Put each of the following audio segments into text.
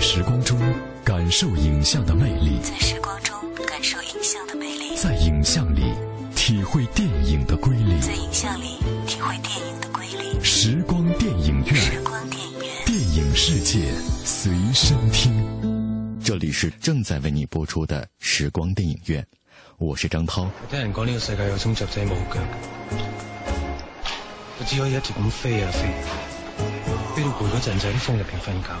在時光中感受影像的魅力，在時光中感受影像的魅力，在影像裏體會電影的瑰麗，在影像裏體會電影的瑰麗。時光電影院，時光電影院，電影世界隨身聽。這裏是正在為你播出的時光電影院，我是張濤。我聽人講，呢個世界有種雀仔係冇腳，我只可以一直咁飛啊飛，飛到攰嗰陣就喺風入邊瞓覺。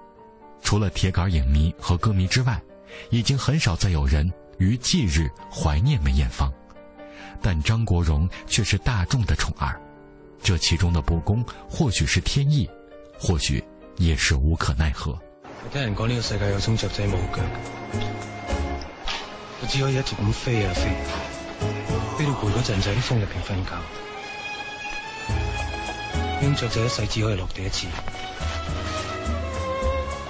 除了鐵桿影迷和歌迷之外，已經很少再有人於忌日懷念梅艷芳，但張國榮卻是大眾的寵兒，這其中的不公，或許是天意，或許也是無可奈何。聽人講，呢個世界有種雀仔冇腳，我只可以一直咁飛啊飛，飛到攰嗰陣就喺啲風入邊瞓覺。呢種雀仔一世只可以落地一次。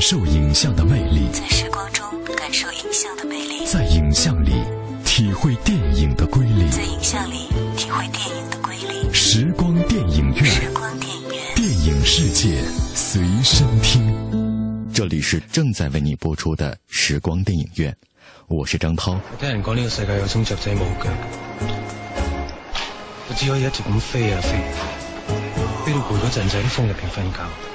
感受影像的魅力，在時光中感受影像的魅力，在影像裏體會電影的瑰麗，在影像裏體會電影的瑰麗，時光電影院，時光電影院，電影世界隨身聽。這裏是正在為你播出的時光電影院，我是張濤。我聽人講，呢個世界有種雀仔冇腳嘅，我只可以一直咁飛啊飛，飛到攰嗰陣就喺風入邊瞓覺。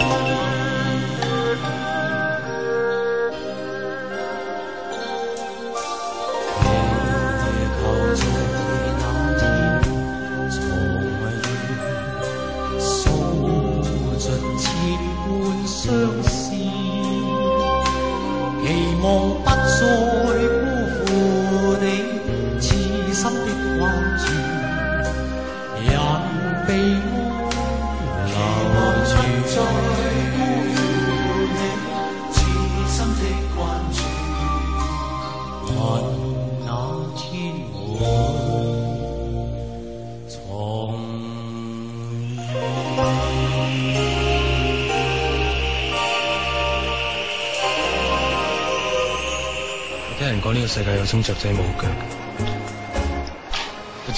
我只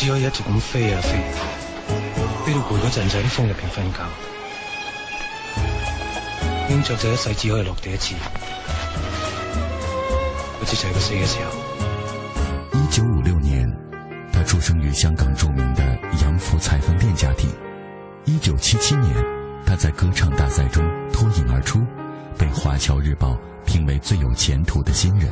可以一直咁飛啊飛，飛到攰嗰陣就喺風入邊瞓覺。英雀仔一世只可以落地一次，好似就係佢死嘅時候。一九五六年，他出生於香港著名的洋服裁縫店家庭。一九七七年，他在歌唱大賽中脱穎而出，被《華僑日報》評為最有前途的新人。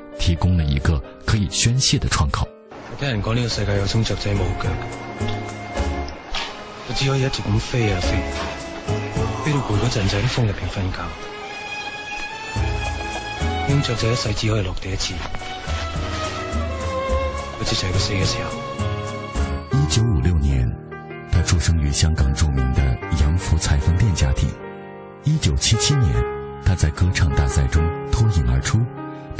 提供了一個可以宣泄的窗口。我聽人講，呢個世界有種雀仔冇腳，我只可以一直咁飛啊飛，飛到攰嗰陣就喺啲風入邊瞓覺。種雀仔一世只可以落地一次，我只係佢死嘅時候。一九五六年，他出生於香港著名的洋服裁縫店家庭。一九七七年，他在歌唱大賽中脱穎而出。